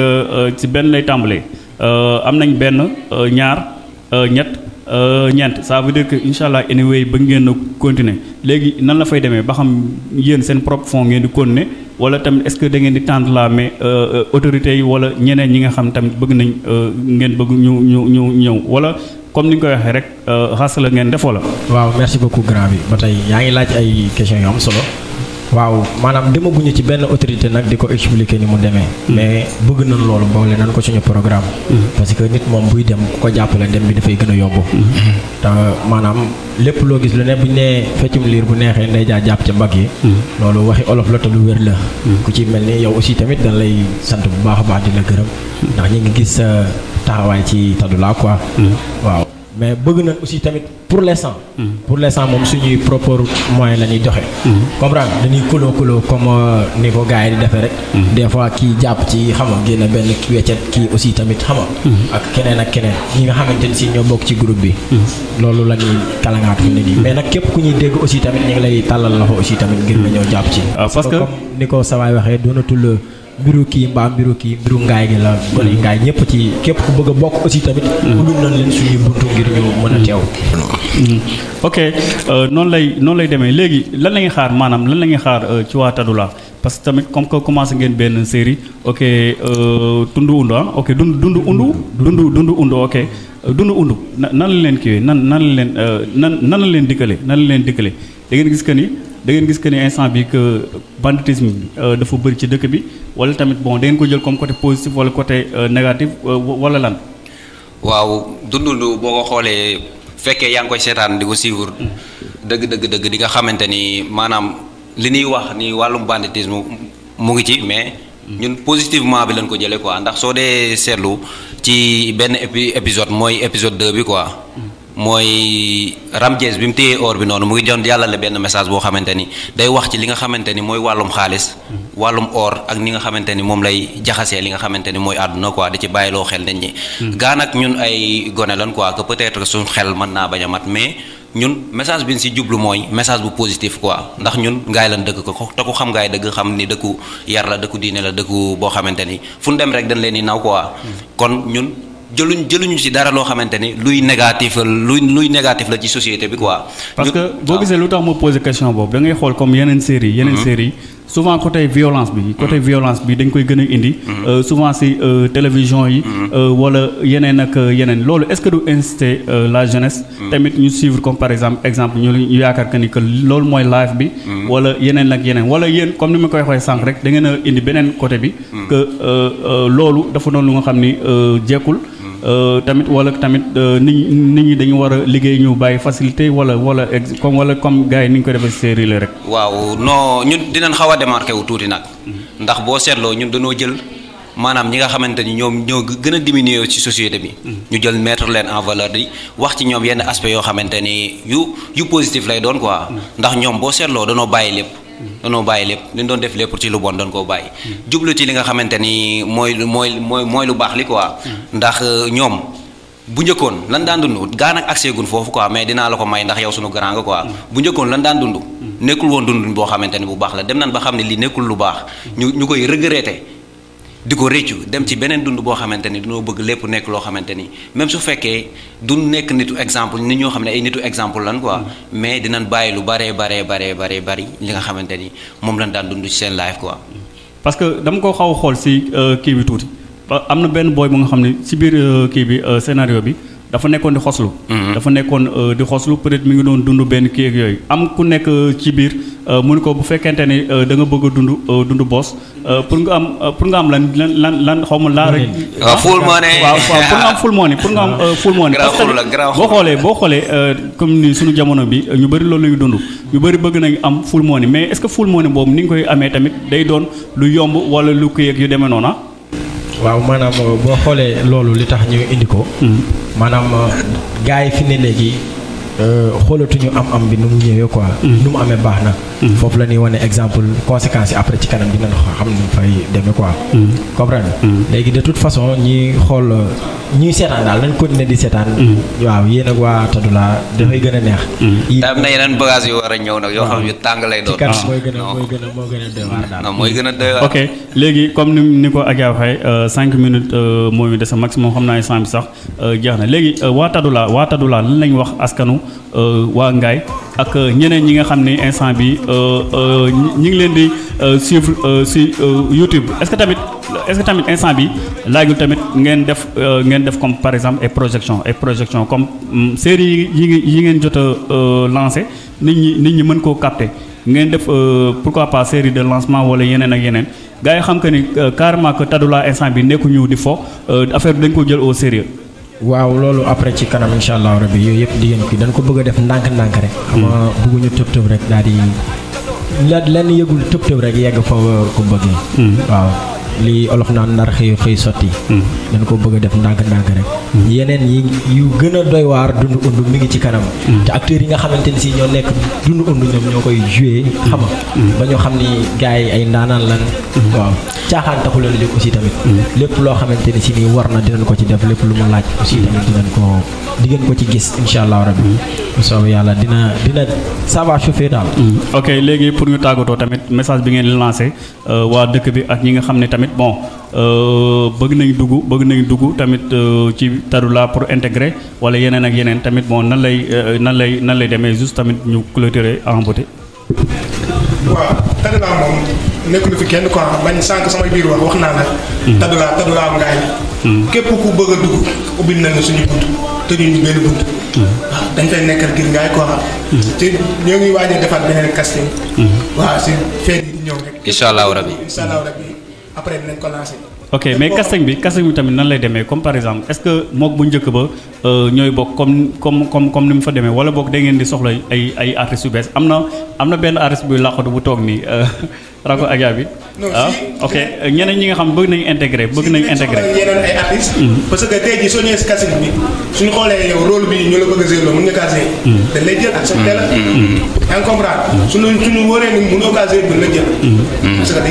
Euh, euh, ci benn lay tàmbalee euh, am nañ benn ñaar ñett ñeent ça veut dire que incha allah anyway ba ngeen a continuer léegi nan la fay demee ba xam yéen seen propre fond ngeen di continuer wala tamit est-ce que da ngeen di tendre laa mais autorités yi wala ñeneen ñi nga xam tamit bëgg nañ ngeen bëgg ñu ñu ñu ñëw wala comme ni nga koy waxee rek xas la ngeen def wala. waaw merci beaucoup grand bi ba tey yaa ngi laaj ay questions yu solo. waaw maanaam demaguñu ci benn autorité nag di ko expliquer ni mu demee. Mm. mais bëgg nañ loolu boole nañ ko suñu programme. Mm. parce que nit moom buy dem ku ko jàppale dem bi dafay gën a yomb. Mm. maanaam lépp loo gis lu ne bu ñu nee feccum liir bu neexee ndey jaa jàpp ca mbag yi. loolu waxi olof la te lu wér la. ku ci mel ni yow aussi tamit dañ lay sant bu baax a baax di la gërëm. ndax ñu ngi gis sa taxawaay ci laa quoi. waaw. mais bëgg nañ aussi tamit pour l'instant. Mm. pour l'instant moom suñuy propre moyen la ñuy joxe. Mm. comprendre dañuy kuloo kuloo comme euh, ni ko gars yi di defee rek. Mm. des fois kii jàpp ci xam nga génn benn weccet kii aussi tamit xam nga ak keneen ak keneen ñi nga xamante ni si ñoo bokk ci groupe bi. loolu la ñuy nit yi mais nag képp ku ñuy dégg aussi tamit ñu ngi lay tàllal loxo aussi tamit ngir nga ñëw jàpp ci. Ah, parce que comme ni ko sawaay waxee doonatul. mbiru kii mbaa mbiru kii mbiru ngaay gi la bëri ngaay ñëpp ci képp ku bëgg bokk aussi tamit. ubbil nañ leen suñuy buntu ngir ñu mën a teew. Hmm. ok euh, noonu lay noonu lay demee léegi lan la ñuy xaar maanaam lan la ñuy xaar euh, ci waa Taddoula parce que tamit comme que commencé ngeen benn série ok tundu euh, undu ah ok dundu dundu undu. dundu dundu undu ok dundu undu nan leen kiiwee nan nan leen nan nan la leen dikkalee nan leen dikkalee da gis que ni. da ngeen gis que ni instant bi que banditisme euh, dafa bëri ci dëkk bi wala tamit bon da ngeen ko jël comme côté positif wala côté euh, négatif euh, wala lan. waaw dundundu boo ko xoolee fekkee yaa ngi koy seetaan di ko suivre. Hmm. dëgg dëgg dëgg di nga xamante ni maanaam li ñuy wax ni wàllum banditisme mu ngi ci mais. Hmm. ñun positivement bi lañ ko jëlee quoi ndax soo dee seetlu ci benn épi épisode mooy épisode 2 bi quoi. Hmm. mooy Ramjees bi mu téyee or bi noonu mu ngi doon jàllale benn message boo xamante ni day wax ci li nga xamante ni mooy wàllum xaalis wàllum or ak ni nga xamante ni moom lay jaxasee li nga xamante ni mooy àdduna quoi di ci bàyyiloo xel nit ñi. Hmm. gaa nag ñun ay gone lan quoi que peut-être suñu xel mën naa bañ a mat mais. ñun message bi ñu si jublu mooy message bu positif quoi ndax ñun ngaay lan dëkk ko te ku xam ngaay dëgg xam ni dëkku yar la dëkku diine la dëkku boo xamante ni fu ñu dem rek dañ leen di naw hmm. ko jëluñ jëluñu ci dara loo xamante ni luy négatif luy luy négatif la ci société bi quoi. parce que boo gisee lu tax ma posé question boobu da ngay xool comme yeneen série yeneen mhm. série souvent côté violence bi côté mhm. violence bi dañ koy gën a indi. Mhm. Euh, souvent ci euh, télévision yi. Euh, wala yeneen ak yeneen loolu est-ce que du inciter la jeunesse. tamit ñu suivre comme par exemple exemple ñu ñu yaakaar que ni que loolu mooy life bi. wala yeneen ak yeneen wala yéen comme ni ma koy waxee sànq rek da ngeen a indi beneen côté bi. que loolu dafa doon lu nga xam ni jekkul. Euh, tamit wala tamit euh, nit nit ñi dañu war a liggéey ñu bàyyi facilité wala wala comme wala comme gars yi ni ñu ko defee série la rek. waaw noo ñun dinañ xaw a démarqué wu tuuti nag. ndax boo seetloo ñun dañoo jël maanaam ñi nga xamante ni ñoom ñoo gën a diminuer ci société bi. ñu jël mettre leen en valeur di wax ci ñoom yenn aspect yoo xamante ni yu yu positif lay doon quoi. ndax ñoom boo seetloo danoo bàyyi lépp. danoo bàyyi lépp li ñu doon def lépp ci lu bon doon koo bàyyi jublu ci li nga xamante ni mooy mooy mooy mooy lu baax li quoi ndax euh, ñoom bu njëkkoon lan daan dund gaa nag gun foofu quoi mais dinaa la ko may ndax yow suñu grand nga quoi bu njëkkoon lan daan dund nekkul woon dund boo xamante ni bu baax la dem nañ ba xam ne lii nekkul lu baax ñu ñu koy regretter di ko réccu dem ci beneen dund boo xamante ni noo bëgg lépp nekk loo xamante ni même su fekkee du nekk nitu exemple nit ñoo xam ne ay nitu exemple lan ko mm-hmm. mais dinañ bàyyi lu baree baree baree baree bari li nga xamante ni moom lañ daan dund ci seen live quoi. parce que dama ko xaw xool si euh, kii bi tuuti am na benn booy mu nga xam ne si biir euh, kii bi euh, scénario bi dafa nekkoon di xoslu. Mm-hmm. dafa nekkoon di xoslu peut-être mi ngi doon dund benn kii yooyu am ku nekk ci biir. Euh, mu ni ko bu fekkente ni euh, da nga bëgg a dund euh, dund boos pour nga am pour nga am lan lan lan xaw ma laa rek. waaw full money waaw pour nga pour nga am full money. parce que boo xoolee boo xoolee comme ni suñu jamono bi ñu bëri loolu lañu dund. ñu bëri bëgg nañu am full money mais est-ce que full boobu ni nga koy amee tamit day doon lu yomb wala lu ko yëg yu deme noona ah? waaw maanaam boo xoolee loolu li tax ñu indi ko. Hmm. maanaam gars yi fi ne léegi xoolatuñu am-am bi nu mu ñëwee quoi. Hmm. nu foofu la ñuy wane exemple conséquences yi après ci kanam dinañ xam ne fay demee quoi. Mm-hmm. comprendre mm-hmm. léegi de toute façon ñi xool ñuy seetaan daal nañ continuer di seetaan. Mm-hmm. waaw yéen ak waa Taddoula dafay gën a neex. yii na yeneen bagage yu war a ñëw nag yoo xam yu tàng lay doon. Ah. mooy gën a mooy gën a mooy gën a doy waar. ok léegi comme ni ni ko Aja waxee euh, cinq minutes euh, moo ñu dese maximum xam naa ne sax euh, jeex na léegi waa Taddoula waa Taddoula lan lañ wax askanu waa Ngaye. ak euh, ñeneen ñi nga xam ni instant bi euh, euh, ñi ngi leen di suivre si YouTube est-ce que tamit est-ce que tamit instant bi laajul tamit ngeen def ngeen def comme par exemple ay projection ay projection comme mm, série yi yi ngeen jot a lancé nit ñi nit ñi mën koo capter ngeen def pourquoi pas série de lancement wala yeneen ak yeneen gars yi xam que ni carrément que Taddoula instant bi nekku ñu di fo affaire bi dañ ko jël au sérieux waaw loolu après ci kanam incha allah rabi yooyu yëpp di ngeen kii dañ ko bëgg def ndànk-ndànk rek. xam hmm. nga bëgguñu tëb tëb rek daal di lenn yëgul tëb tëb rek yegg fa ko yi hmm. waaw. li olof naan ndar xëy xëy sotti. Hmm. dañ ko bëgg a def ndànk-ndànk rek. Hmm. yeneen yi yu gën a doy waar dund und mi ngi ci kanam. Hmm. te acteurs yi nga xamante ni si ñoo nekk dund und ñoom ñoo koy joué. xam nga ba ay ndaanaan lan. waaw caaxaan taxu leen lépp aussi tamit. lépp loo xamante ni warna nii war na dinañ ko ci def lépp lu mu laaj aussi tamit dinañ ko di ngeen ko ci gis incha rabbi. bu soobee dina dina ça va chauffer daal. ok léegi pour ñu tàggatoo tamit message bi ngeen lancé euh, waa dëkk bi ak ñi nga xam tamit tamit bon euh, bëgg nañ dugg bëgg nañ dugg tamit euh, ci Taddoula pour intégrer wala yeneen ak yeneen tamit bon nan lay euh, nan lay nan lay demee juste tamit ñu clôturer en beauté. waaw Taddoula moom nekkul fi kenn quoi man sànq samay biir wax wax naa la. Hmm. Taddoula Taddoula am ngaay. Hmm. képp ku bëgg a dugg ubbil nañu suñu bunt te ñu benn bunt. Hmm. dañ fay nekkal ngir ngaay koo te ñoo ngi waaj a defar beneen casting. waaw si feeñ ñëw rek. incha après dinañ ko lancer. ok mais casting bi casting bi tamit nan lay demee comme par exemple est ce que moog bu njëkk ba euh, ñooy bokk comme comme comme comme ni mu fa demee wala boog da ngeen di soxla ay ay artistes yu bees am na am na benn artiste buy làqatu bu toog nii euh, rako bi. ah ok ñeneen ñi nga xam bëgg nañu intégré bëgg nañu intégré mm-hmm. parce que tey jii soo ñëwee si casting bi suñu xoolee loolu rôle bi ñu la bëgg a jouer mën nga casé mm-hmm. dañ lay jël accepté la mm-hmm. yaa ngi comprendre suñu suñu wóoree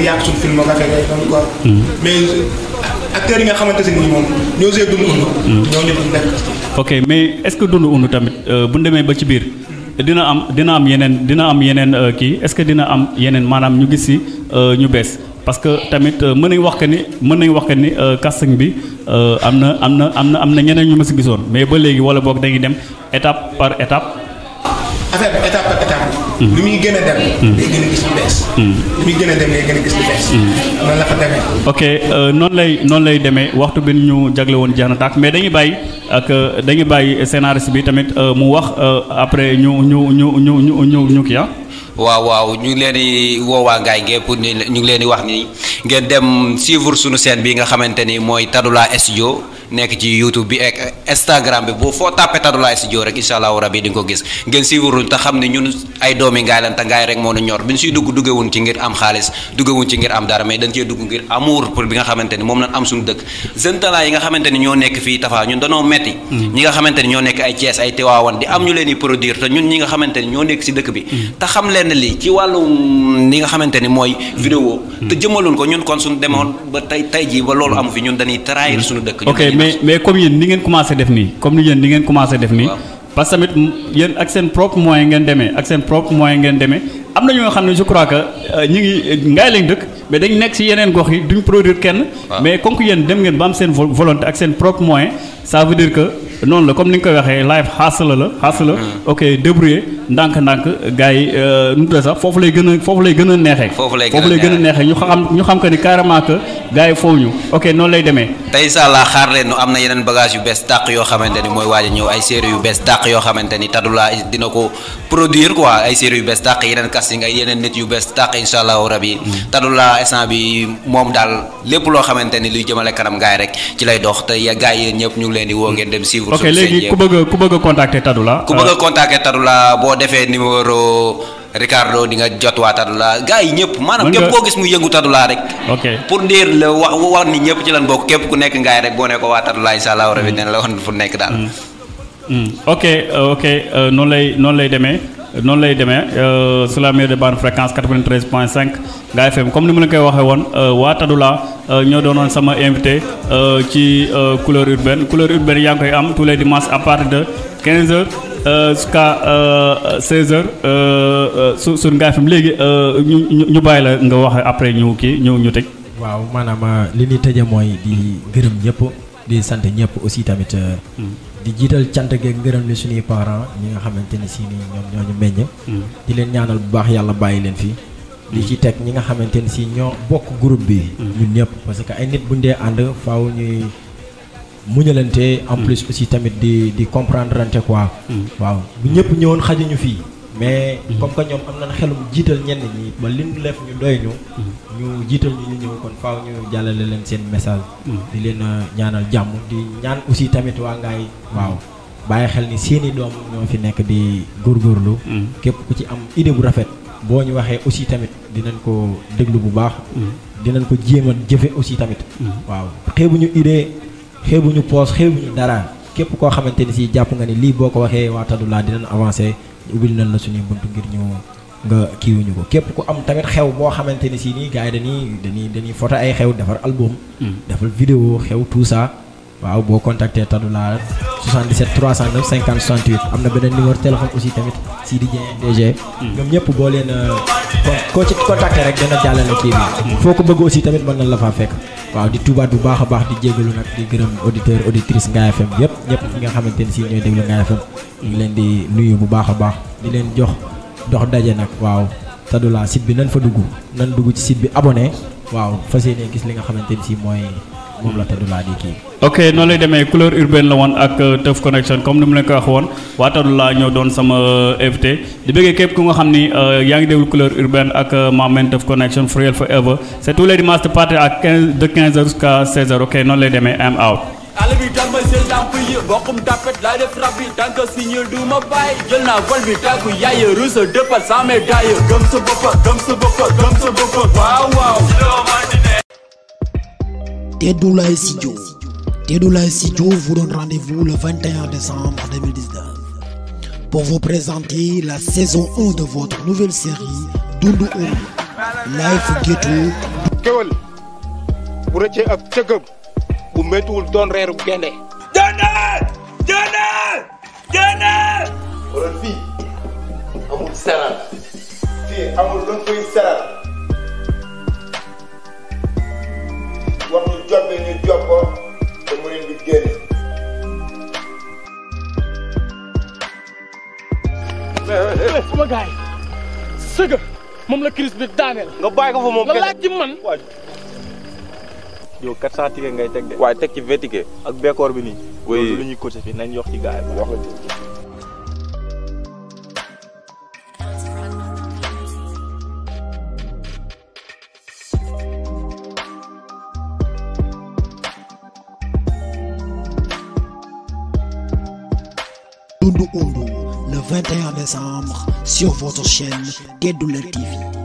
yàq suñu film nga fekk doon quoi mais acteurs yi nga xamante ne moom ñoo see dund undu ok mais est-ce que dund undu tamit euh, bu ñu demee ba ci biir dina am dina am yeneen dina am yeneen euh, kii est-ce que dina am yeneen maanaam ñu gis si Euh, ñu bes, parce que tamit euh, mën nañ wax que ni mën nañ wax que ni euh, casting bi amna amna amna amna am na am na ñeneen ñu ma si gisoon mais ba léegi wala boog dañuy dem étape par étape. affaire bi étape par étape. lu mm-hmm. muy gën mm-hmm. mm-hmm. dem. day gën a gis lu bees. lu muy gën dem day gën a gis lu bees. la fa demee. ok noonu lay non lay demee waxtu bi ñu jagle woon jeex na tàkk mais dañuy bàyyi ak dañuy bàyyi scénariste bi tamit mu wax après ñu ñu ñu ñu ñu ñu kii ah. waaw waaw ñu ngi leen di woowaa ngaay ngépp ni ñu ngi leen di wax ni ngeen dem suivre suñu seen bi nga xamante ni mooy Tadoula Studio Nek ci youtube bi ak instagram bi boo foo tàppe tadu laay si rek incha allahu rabi di nga ko gis ngeen si wurul te xam ne ñun ay doomi ngaay lan te ngaay rek moo nu ñor bi ñu dugg dugge wuñ ci ngir am xaalis dugge wuñ ci ngir am dara mais dañ cee dugg ngir amour pour bi nga ni moom am suñu dëkk jeune talent yi nga xamante ni ñoo nekk fii ñun danoo metti hmm. ñi nga ni ñoo ay ay di am ñu leen di produire te ñun ñi nga xamante ni ñoo nekk si dëkk bi hmm. te xam leen li ci wàllu ni nga xamante ni vidéo hmm. te jëmaloon ko ñun kon suñu demoon ba tey tey ji ba fi ñun dañuy trahir suñu dëkk mais mais comme yeen ni ngeen commencé def ni comme ni yeen ni ngeen commencé def ni parce que tamit yéen ak sen propre moyen ngeen démé ak sen propre moyen ngeen démé amna ñoo xamné je crois que ñi ngi ngay lañ dëkk mais dañ nekk ci yeneen gox yi duñ produire kenn. mais comme yeen dem ngeen ba am sen volonté ak sen propre moyen ça veut dire que. noonu la comme ni nga koy waxee life hustle la hustle la hmm. ok débrouiller ndànk-ndànk gars yi euh, nu sax foofu lay gën foofu lay gën a neexee. foofu lay gën neexee ñu xam ñu xam que ni carrément que gars yi ñu ok noonu lay demee. tey incha allah xaar leen nu am na yeneen bagage yu bees tàq yoo xamante ni mooy waaj a ñëw ay séries yu bees tàq yoo xamante ni Tadoula dina ko produire quoi ay séries yu bees tàq yeneen casting ay yeneen nit yu bees tàq incha allah rabi hmm. Tadoula instant bi moom daal lépp loo xamante ni luy jëmale kanam gars yi rek ci lay dox te gars yi ñëpp ñu ngi leen di woo ngeen dem pour ok léegi ku bëgg a ku bëgg a contacter Tadoula. ku bëgg a euh, contacter boo defee numéro Ricardo di jot waa Tadoula gars yi ñëpp. maanaam képp koo gis mu yëngu Tadoula rek. ok pour ndéer la wax wax ni ñëpp ci lan bokk képp ku nekk ngaay rek boo ne ko waa Tadoula incha allah rabi mm. dina la wan fu nekk daal. Mm. Mm. ok euh, ok euh, noonu lay noonu lay demee. noonu lay demee euh, sur la meilleure des bandes fréquence 93 point cinq nga FM comme ni mu na koy waxee woon euh, waa Tadoula euh, ñoo doonoon sama invité ci couleur urbaine couleur urbaine yaa ngi koy am tous les dimanches à partir de 15 heures jusqu'à 16 heures su sur nga FM léegi ñu ñu bàyyi la nga wax après ñëw kii ñëw ñu teg waaw maanaam li ñuy tëjee mooy di gërëm ñëpp di sant ñëpp aussi tamit. Mm. di jiital cant geeg ngërëm li suñuy parents ñi nga xamante ni si nii ñoom ñoo meññ. Mm. di leen ñaanal bu baax yàlla bàyyi leen fii. di ci teg ñi nga xamante si ñoo bokk groupe bi. Mm. ñun ñëpp parce que ay nit buñ dee ànd faaw ñuy muñalante. en mm. plus aussi tamit di di comprendre rante quoi. waaw bu ñëpp ñëwoon xajuñu fii. mais mhm. comme que ñoom am na xelum jiital ñenn ñi ba li ñu def ñu doy ñu. Mhm. ñu jiital ñu ñu ñëw kon faaw ñu jàllale leen seen message. Mhm. di leen euh, ñaanal jàmm di ñaan aussi tamit waa ngaay waaw bàyyi xel ni seeni doom ñoo fi nekk di góorgóorlu. képp ku ci am idée bu rafet. boo ñu waxee aussi tamit dinañ ko déglu bu baax. dinañ ko jéem jëfe aussi tamit. waaw xeebuñu idée xeebuñu poos xeebuñu dara képp koo xamante ni si jàpp nga ni lii boo ko waxee waa Tadoula dinañ avancé. ubil nañ la suñuy bunt ngir ñu nga kiiwuñu ko képp ku am tamit xew boo xamante ni si nii gars yi dañuy dañuy dañuy foto ay xew defar album. defal vidéo xew tout ça. waaw boo contacté Tadou la 77 309 50 68 am na beneen numéro téléphone aussi tamit Sidi Dieng hmm. DG. ñoom ñëpp boo leen koo ci contacté rek dana jàllale kii bi. Hmm. foo ko bëgg aussi tamit mën na la faa fekk. waaw di tuubaat bu baax a baax di jégalu nag di gërëm auditeur auditrice a FM yëpp ñëpp ñi nga xamante ni si ñooy déglu a FM ñu leen di nuyu bu baax a baax di leen jox dox daje nag waaw Sadula site bi nan fa dugg nan dugg ci site bi abone waaw fas yéene gis li nga xamante ni sii mooy moom la Taddoula di kii. ok noonu lay demee couleur urbaine la woon ak euh, Teuf Connection comme ni mu leen ko woon waa Taddoula ñoo doon sama euh, invité di bëggee képp ku nga xam ni euh, yaa ngi déglu couleur urbaine ak maam men Teuf Connection Forever c' est tous les dimanches de partir à 15 de 15 heures jusqu'à 16 heures ok noonu lay demee am out. àll bi damay yi bokkum tapet laa def rab yi tànk signal du ma bàyyi jël naa vol bi tàggu yaaye rus a dëppal sans médaille gëm sa bopp gëm sa bopp Tedoula et Tedoula vous donne rendez-vous le 21 décembre 2019 pour vous présenter la saison 1 de votre nouvelle série Doudou Umbi Life Ghetto. Kewal bu rëccee ab cëgëm bu méttiwul le reeru gende. Génneel saral koy saral. ko te murid bi moom la crise bi daaneel nga bàyyi ko fa moom la laaj ci man yow 400 ticket ngay teg de waaye teg ci 20 ticket ak bekoor bi nii oui lu ñuy coté fi nañ yox ci gars wax la 21 décembre sur votre chaîne Guet TV.